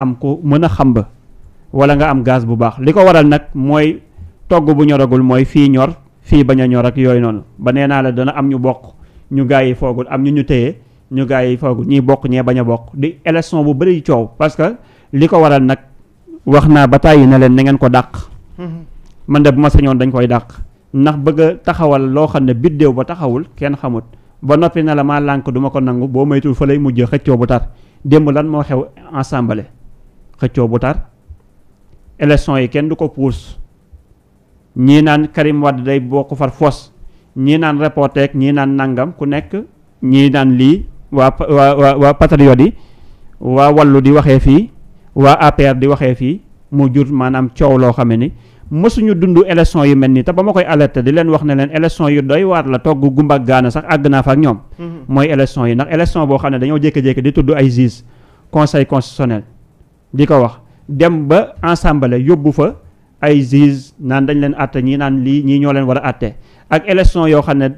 am ku mën a xam ba wala nga am gaz bu baax li ko waral nag mooy togg bu ñoragul mooy fii ñor fii bañ a ñor ak yooyu noonu ba nee naa la dana am ñu bokk ñu gaa yi foogul am ñu ñu téye ñu gaa yi foogul ñiy bokk ñee bañ a bokk di élection bu bëri coow parce que li ko waral nag wax naa ba tàyyi ne leen na ngeen ko dàq mm-hmm. man de bu ma sañoon dañ koy dàq ndax bëgg a taxawal loo xam ne biddéew ba taxawul kenn xamut ba noppi na la ma lànk du ma ko nangu boo moytul fa lay mujjee xëccoo bu tar démb xëccoo bu tar élection yi kenn du ko puus ñii naan Karim Wade day ko far fos ñii naan reporteek ñi naan nangam ku nekk ñii naan lii waa waa waa patriote yi waa wallu di waxee fii waa APR di waxee fii mu jur maanaam coow loo xam ni mësuñu dund élection yu mel nii te ba ma koy alerté di leen wax ne leen élection yu doy waar la togg gumba gaana sax àgg naa fa ak ñoom. Mm-hmm. mooy élection yi ndax élection boo xam ne dañoo jékki-jékki di tudd ay juge conseil constitutionnel. di ko wax dem ba ensemble yóbbu fa ay juge naan dañ leen àtte ñii naan lii ñii ñoo leen war a àtte ak élection yoo xam ne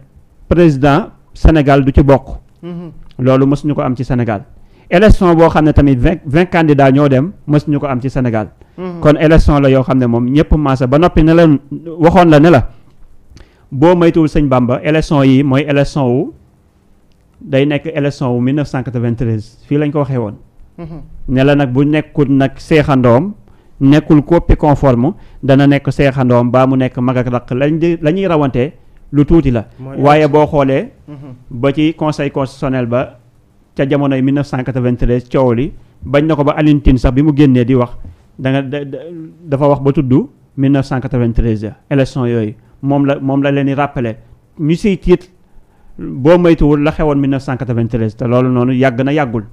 président Sénégal du ci bokk. Mm-hmm. loolu mës ñu ko am ci Sénégal. élection boo xam ne tamit vingt vingt candidats ñoo dem mës ñu ko am ci Sénégal. Mm-hmm. kon élection la yoo xam ne moom ñëpp maasa ba noppi ne la waxoon la ne la boo maytuwul sëñ ba élection yi mooy élection wu day nekk élection wu 1993 fii lañ ko waxee woon. ne la nag bu nekkul nag seexandoom nekkul copie conforme dana nekk seexandoom baa mu nekk mag ak raq lañ di la ñuy rawante lu tuuti la waaye boo xoolee mhm. ba ci conseil constitutionnel ba ca jamonoy 1993 coow li bañ na ko ba Alioune Tine sax bi mu génnee di wax da nga dafa wax ba tudd 1993 ya élection yooyu moom la moom la leen di rappeler ñu siy tiit boo moytuwul la xewoon 1993 te loolu noonu yàgg na yàggul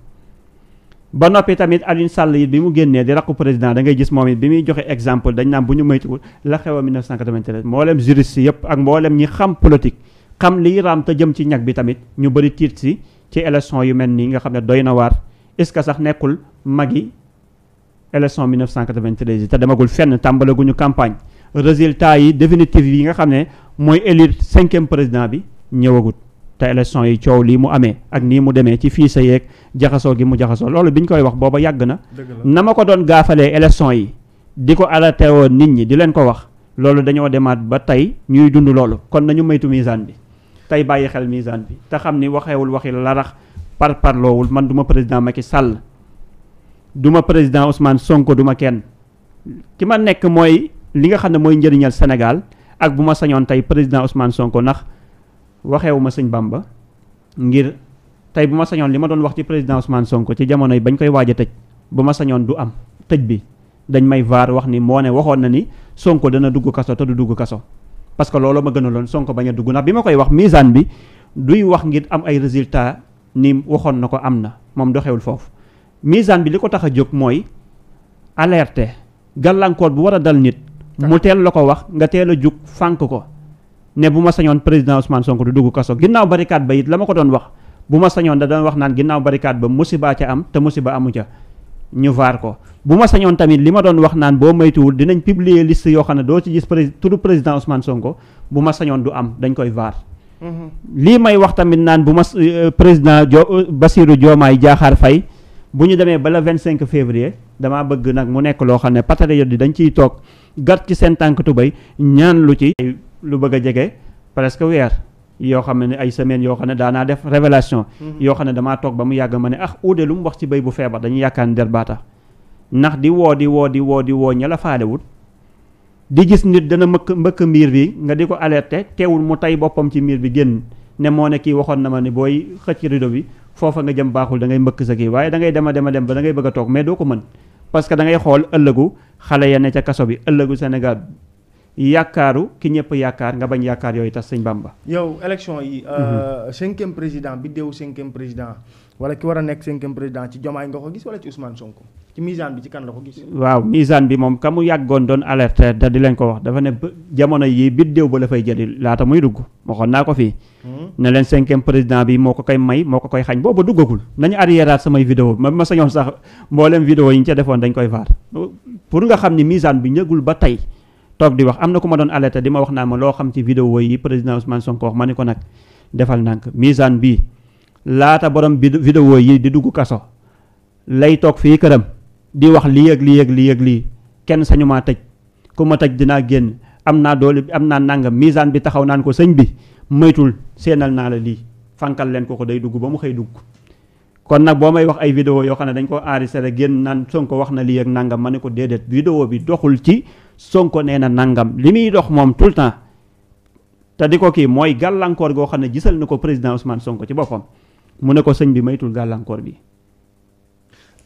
ba noppi tamit Alioune Sall it bi mu génnee di rakku président da ngay gis moom it bi muy joxee exemple dañ naan bu ñu moytuwul la xew a 1993 mboolem juriste yëpp ak mboolem ñi xam politique xam liy raam te jëm ci ñag bi tamit ñu bëri tiit si ci élection yu mel nii nga xam ne doy na waar est-ce que sax nekkul magi élection 1993 yi te demagul fenn tàmbalaguñu campagne résultat yi définitive yi nga xam ne mooy élire cinquième président bi ñëwagut te élection yi coow lii mu amee ak nii mu demee ci fii sa yeeg jaxasoo gi mu jaxasoo loolu bi ñu koy wax booba yàgg na na ma ko doon gaafalee élection yi di ko alerté woon nit ñi di leen ko wax loolu dañoo demaat ba tey ñuy dund loolu kon nañu maytu misaan bi tey bàyyi xel misaan bi te xam ni waxeewul waxi larax par parloowul man duma président Macky Sall du ma président Ousmane Sonko du ma kenn ki ma nekk mooy li nga xam ne mooy njëriñal Sénégal ak bu ma sañoon tey président Ousmane Sonko ndax waxeewu ma sëñ ba ngir tey bu ma sañoon li ma doon wax ci président Ousmane Sonko ci jamono yi bañ koy waaj a tëj bu ma sañoon du am tëj bi dañ may vaar wax ni moo ne waxoon na ni Sonko dana dugg kaso te du dugg kaso. parce que loolu ma gënaloon sonk bañ a dugg ndax bi ma koy wax misaan bi duy wax ngir am ay résultats ni waxoon na ko am na moom doxewul foofu misaan bi li ko tax a jóg mooy alerter gàllankoor bu war a dal nit. mu teel la ko wax nga teel a jug fànk ko. ne bu ma sañoon président Ousmane Sonko du dugg kaso ginnaaw barikaat ba it la ma ko doon wax bu ma sañoon da doon wax naan ginnaaw barikaat ba musiba ca am te musiba amu ca ñu vaar ko bu ma sañoon tamit li ma doon wax naan boo moytuwul dinañ publier liste yoo xam ne doo ci gis pré président Ousmane Sonko bu ma sañoon du am dañ koy vaar. Mm-hmm. lii may wax tamit naan bu ma euh, président jo euh, Bassirou Diomaye Diakhar bu ñu demee ba le 25 février damaa bëgg mu nekk loo xam ne patriote yi dañ ciy toog gat ci seen lu bëgg a jege presque weer yoo xam ne ay semaines yoo xam ne daanaa def révélation mhm. yoo xam ne damaa toog ba mu yàgg ma ne ah uude lu mu wax ci béy bu feebar dañu yaakaar ni derbaata ndax di woo di woo di woo di woo ña la di gis nit dana mëkk mbëkk miir bi nga di ko alerter teewul mu tay boppam ci miir bi génn ne moo ne kii waxoon na ma ne booy xëcc rido bi foofa nga jëm baaxul da ngay mbëkk sa kii waaye dangay ngay dema dema dem ba da ngay toog mais doo ko mën parce que da xool ëllëgu xale ya ne ca kaso bi ëllëgu Sénégal yaakaaru ki ñëpp yaakaar nga bañ yaakaar yooyu tax sëñ Bamba. yow élection yi. Euh, mhm. cinquième président bi déewu cinquième président wala ki war a nekk cinquième président ci Diomaye nga ko gis wala ci Ousmane Sonko ci misaan bi ci kan la ko gis. waaw misaan bi moom ka mu yàggoon doon alerte da di leen ko wax dafa ne jamono yii bi déew ba la fay jëli laata muy dugg waxoon naa ko fii. Mhm. ne leen cinquième président bi moo ko koy may moo ko koy xañ booba duggagul nañu arriéraat samay vidéo ma ma sañoon sax mboolem vidéo yi ñu defoon dañ koy faat pour nga xam ni misaan bi ñëgul ba tey. toog di wax am na ku ma doon alerté di ma wax naa ma loo xam ci vidéo yi président Ousmane Sonko wax ma ni ko nag defal nànk misaan bii laata borom vidéo yi di dugg kaso lay toog fii këram di wax lii ak lii ak lii ak lii kenn sañu maa tëj ku ma tëj dinaa génn am naa doole am naa nàngam misaan bi taxaw naan ko sëñ bi moytul séenal naa la lii fanqal leen ko ko day dugg ba mu xëy dugg kon nag boo may wax ay vidéo yoo xam ne dañ ko enregistré génn naan Sonko wax na lii ak ma ne ko déedéet vidéo bi doxul ci Sonko nee na nangam li muy dox moom tout le temps te di ko kii mooy gàllankoor goo xam ne gisal na ko président Ousmane Sonko ci boppam mu ne ko sëñ bi maytul gàllankoor bi.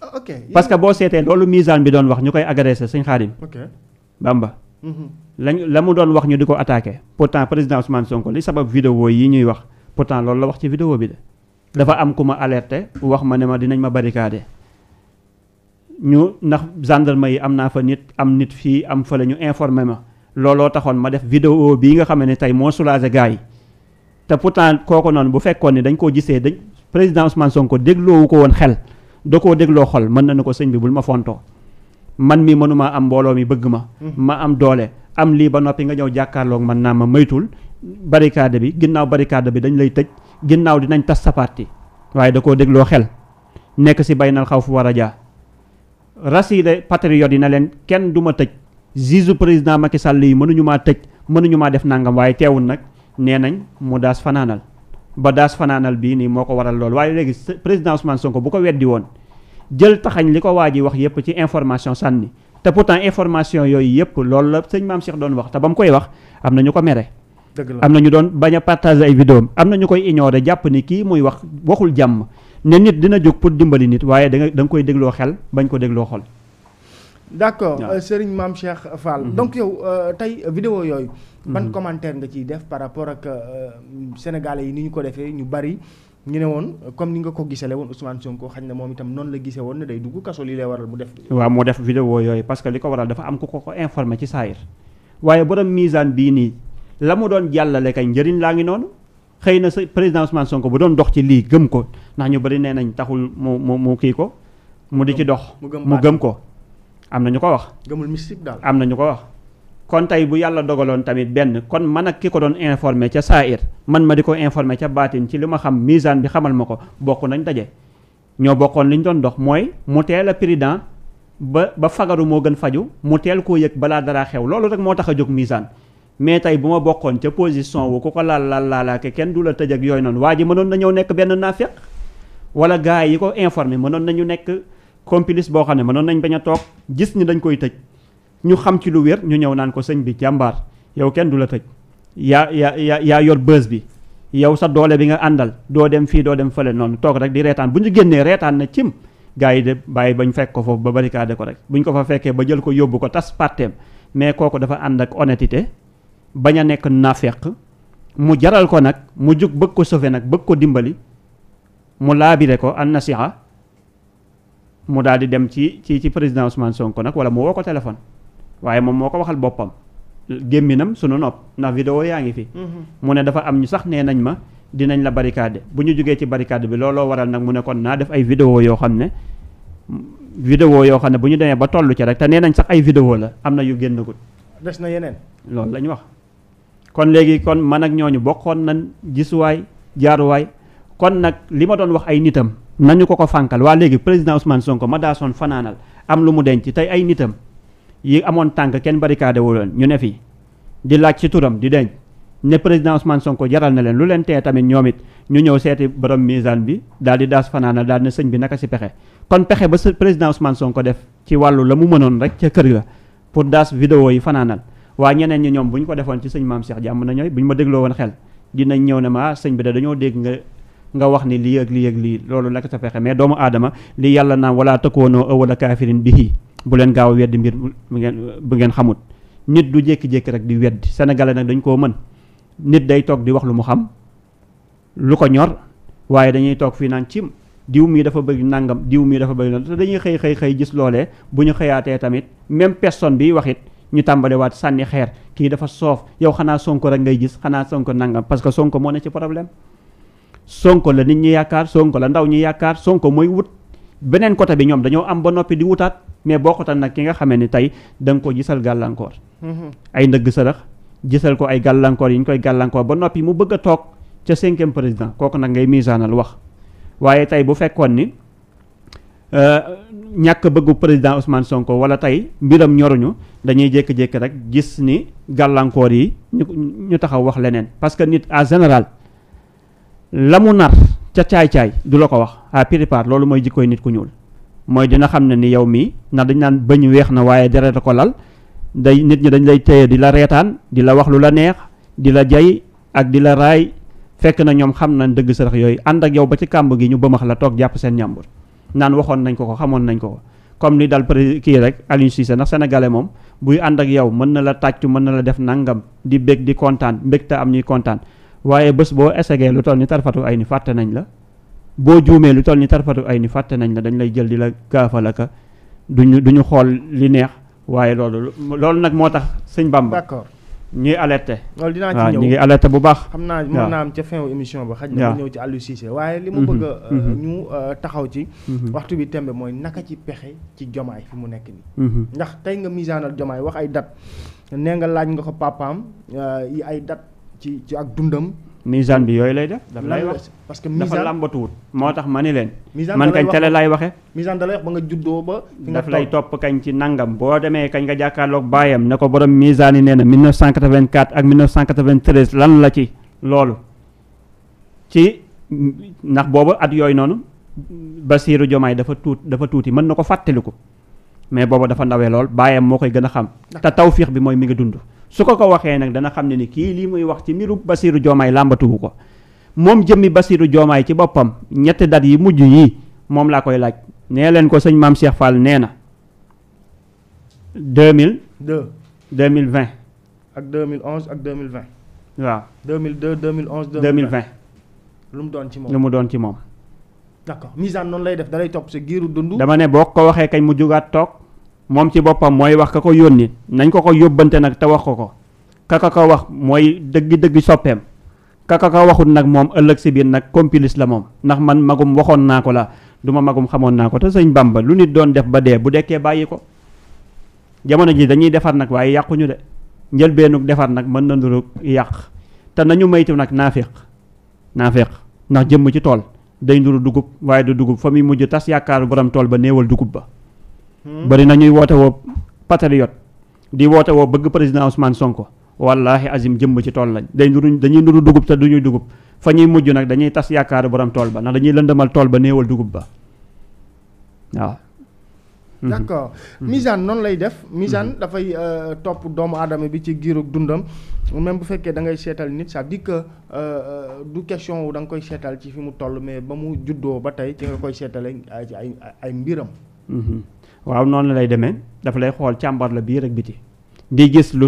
Ah, ok parce que boo seetee loolu misaan bi doon wax ñu koy agressé sëñ Xaadim. ok Bamba. Mhm. lañ la mu doon wax ñu di ko attaqué pourtant président Ousmane Sonko li sabab vidéo yi ñuy wax pourtant loolu la wax ci vidéo bi de. dafa am ku ma alerté wax ma ne ma dinañ ma barricade ñu ndax gendarme yi am naa fa nit am nit fii am fa la ñu informé ma looloo taxoon ma def vidéo bi nga xam ne tey moo sulaase gars yi te pourtant kooku noonu bu fekkoon ne dañ koo gisee dañ président Ousmane Sonko dégloowu ko woon xel da koo dégloo xol mën na ne ko sëñ bi bul ma fontoo man mii mënumaa am mbooloo mi bëgg ma mm-hmm. ma am doole am lii ba noppi nga ñëw jàkkaarlook mën naa ma maytul barricade bi ginnaaw barricade bi dañ lay tëj ginnaaw dinañ tas sa parti waaye da koo dégloo xel nekk si baynal xaw fu war a jaa rasile patriote yi na leen kenn du ma tëj juge président Macky Sall yi mënuñu maa tëj mënuñu maa def nangam waaye teewul nag nee nañ mu daas fanaanal ba daas fanaanal bii nii moo ko waral lool waaye léegi président Ousmane Sonko bu ko weddi woon jël taxañ li ko waa ji wax yëpp ci information sànni te pourtant information yooyu yëpp loolu la sëñ maam Cheikh doon wax te ba mu koy wax am na ñu ko mere. am na ñu doon bañ a partager ay vidéo am na ñu koy ignorer jàpp ni kii muy wax waxul jàmm. ne nit dina jóg pour dimbali nit waaye da nga da koy dégloo xel bañ ko dégloo xol. d'accord euh, Serigne maam Cheikh Fall. Mhm. donc yow euh, tey vidéo yooyu. ban mhm. commentaire nga ciy def par rapport ak euh, sénégalais yi ni ñu ko defee ñu bari. ñu ne woon comme ni nga ko gisale woon Ousmane Sonko xañ na moom itam noonu la gisee woon ne day dugg kaso lii lay waral mu def. waaw moo def vidéo yooyu parce que li ko waral dafa am ku ko ko informé ci saayir waaye borom misaan bii nii la mu doon jàllale kay njëriñ laa ngi noonu. xëy na sa président Ousmane Sonko bu doon dox ci lii gëm ko ndax ñu bëri nee nañ taxul mu mu mu kii ko mu di ci dox mu gëm ko am na ñu ko wax gëmul mystique daal am na ñu ko wax kon tey bu yàlla dogaloon tamit benn kon man ak ki ko doon informé ca saa saahir man ma di ko informé ca baatin ci li ma xam misaan bi xamal ma ko bokk nañ daje ñoo bokkoon li ñu doon dox mooy mu teel a président ba ba fagaru moo gën faju mu teel koo yëg balaa dara xew loolu rek moo tax a jóg misaan mais tey bu ma bokkoon ca position wu ku ko laal laal laalaake kenn du la tëj ak yooyu noonu waa ji mënoon na ñëw nekk benn naafeq wala gars yi ko informé mënoon nañu nekk complice boo xam ne mënoon nañ bañ a toog gis ni dañ koy tëj ñu xam ci lu wér ñu ñëw naan ko sëñ bi jàmbaar yow kenn du la tëj yaa yaa yaa yaa yor bës bi yow sa doole bi nga àndal doo dem fii doo dem fële noonu toog rek di reetaan bu ñu génnee reetaan na cim gars yi de bàyyi bañ fekk ko foofu ba barricade ko rek buñ ko fa fekkee ba jël ko yóbbu ko tas parteem mais kooku dafa ànd ak honnêteté bañ a nekk naafeq mu jaral ko nag mu jug bëgg ko sauver nag bëgg ko dimbali mu laabire ko an nasiha mu daal di dem ci ci ci président Ousmane Sonko nag wala mu woo ko téléphone waaye moom moo ko waxal boppam gémminam sunu nopp ndax vidéo yaa ngi fi. Mm-hmm. mu ne dafa am ñu sax nee nañ ma dinañ la barricade bu ñu jógee ci barricade bi looloo waral nag mu ne kon naa def ay vidéo yoo xam ne video yoo xam ne bu ñu demee ba toll ci rek te nee nañ sax ay vidéo la am na yu génnagut des na yeneen loolu kon léegi kon man ak ñu bokkoon nañ gisuwaay jaaruwaay kon nag li ma doon wax ay nitam nañu ko ko fànkal waa léegi président Ousmane Sonko ma daasoon soon fanaanal am lu mu denc tey ay nitam yi amoon tànk kenn barricade wuloon ñu ne fii di laaj ci turam di denc ne président Ousmane Sonko jaral na leen lu leen tee tamit ñoom it ñu ñëw seeti borom misaan bi daal di daas fanaanal daal sëñ bi naka si pexe kon pexe ba président Ousmane Sonko def ci wàllu la mu mënoon rek ca kër ga pour daas vidéo yi fanaanal waa ñeneen ñi ñoom bu ñu ko defoon ci sëñ maam Cheikh jàmm na ñooy bu ñu ma dégloo woon xel dinañ ñëw ne ma ah, sëñ bi da dañoo dégg nga nga wax ni lii ak lii ak lii loolu nag sa fexe mais doomu aadama li yàlla naan wala a awala bi bihi bu leen gaaw a weddi mbir bu ngeen bu ngeen xamut nit du jékki-jékki rek di weddi sénégalais nag dañ koo mën nit day toog di wax lu mu xam lu ko ñor waaye dañuy toog fii naan cim diw mii dafa bëgg nangam diw mii dafa bëgg nangam te dañuy xëy xëy xëy gis loolee bu ñu xëyaatee tamit même personne bi wax it ñu tàmbale waat sànni xeer kii dafa soof yow xanaa sonko rek ngay gis xanaa sonko nangam parce que sonko moo ne ci problème sonko la nit ñi yaakaar sonko la ndaw ñi yaakaar sonko mooy wut beneen côté bi ñoom dañoo am ba noppi di wutaat mais bokkutal nag ki nga xamee ni tey da nga ko gisal gàllankoor mm-hmm. ay ndëgg sërëx gisal ko ay gàllankoor yi ñu koy gàllankoor ba noppi mu bëgg a toog ca cinquième président kooku nag ngay misaanal wax waaye tey bu fekkoon ni Euh, ñàkk bëggu président Ousmane Sonko wala tey mbiram ñoruñu dañuy jékki-jékki rek gis ni gàllankoor yi ñu ñu taxaw wax leneen parce que nit en général la mu nar ca caay-caay du la ko wax à piri loolu mooy jikkooy nit ku ñuul mooy dina xam ne ni yow mii ndax dañ naan bëñ weex na waaye deret ko lal day nit ñi dañ lay téye di la reetaan di la wax lu la neex di la jay ak di la raay fekk na ñoom xam na dëgg sarax yooyu ànd ak yow ba ci kàmb gi ñu bëmax la toog jàpp seen ñàmbur naan waxoon nañ ko ko xamoon nañ ko ko comme ni dal pré kii rek Aliou Cissé ndax sénégalais moom buy ànd ak yow mën na la tàccu mën na la def nangam di bég di kontaan mbégte am ñuy kontaan waaye bés boo essayé lu toll ni tarfatu ay ni fàtte nañ la boo juumee lu toll ni tarfatu ay ni fàtte nañ la dañ lay jël di la gaafalaka duñu duñu xool li neex waaye loolu loolu nag moo tax sëñ mbaam d'accord ñuy alerte loolu dinaa ci ñëw ñu ngi alerté bu baax. xam naa mën naa am ca fin émission ba. xaj na ñëw ci Aliou Cissé waaye li mu mm-hmm. bëgg a. Euh, mm-hmm. ñu euh, taxaw ci. Mm-hmm. waxtu bi tembe mooy naka ci pexe ci jomaay fi mu nekk nii. ndax tey nga misaanal jomaay wax ay date nee nga laaj nga ko papaam euh, yi ay dat ci ci ak dundam. misaan bi yooyu lay def. daf lay wax que dafa làmbatuwut moo tax ma ni leen. man kañ tele laay waxe misaan da lay ba nga juddoo ba. daf lay topp kañ ci nangam boo demee kañ nga jàkkaarloog baayam ne ko borom misaan yi nee na 1984 ak 1993 lan la ci loolu ci ndax boobu at yooyu noonu Basiiru Jomaay dafa tuut dafa tuuti mën na ko fàttaliku mais boobu dafa ndawee lool baayam moo koy gën a xam. te tawfiix bi mooy mi ngi dund. su ko ko waxee nag dana xam ne ni kii lii muy wax ci mbiru Bassirou Diomaye làmbatuwu ko moom jëmmi Bassirou Diomaye ci boppam ñett dat yi mujj yii moom laa koy laaj nee leen ko sëñ Maam Cheikh Fall nee na deux mille deux deux mille vingt ak deux mille onze ak deux mille vingt waaw deux mille deux deux mille onze deux lu mu doon ci moom lu doon ci moom d'accord misaan noonu lay def dalay topp sa giiru dund dama ne boo ko waxee kañ mu jugaat toog moom ci boppam mooy wax ka ko yónni nañ ko ko yóbbante nag te wax ko ko kaka ko wax mooy dëgg-dëgg soppeem kaka ko waxut nag moom ëllëg si biir nag complice la moom ndax man magum waxoon naa ko la du ma magum xamoon naa ko te sëñ Bamba lu nit doon def ba dee bu dekkee bàyyi ko jamono ji dañuy defar nag waaye yàquñu de njëlbeenug defar nag mën na ndurug yàq te nañu maytu nag naafiq naafiq ndax jëmm ci tool day nduru dugub waaye du dugub fa muy mujj tas yaakaaru borom tool ba néewal dugub ba Hmm? bari na ñuy woote woo patriote di woote woo bëgg président Ousmane Sonko wallaahi azim jëmb ci tool lañ day nuru dañuy nuru dugub te duñuy dugub fa ñuy mujj nag dañuy tas yaakaaru borom tool ba ndax dañuy lëndëmal tool ba néewal dugub ba waaw. Hmm. d' hmm. misaan noonu lay def. misaan dafay euh, topp doomu aadama bi ci giirug dundam même bu fekkee da ngay seetal nit sax dikk dire euh, euh, du question wu da koy seetal ci fi mu toll mais ba mu juddoo ba tey ci nga koy seetale ay ay ay mbiram. waaw noonu lay demee dafa lay xool càmbar la biir ak biti di gis lu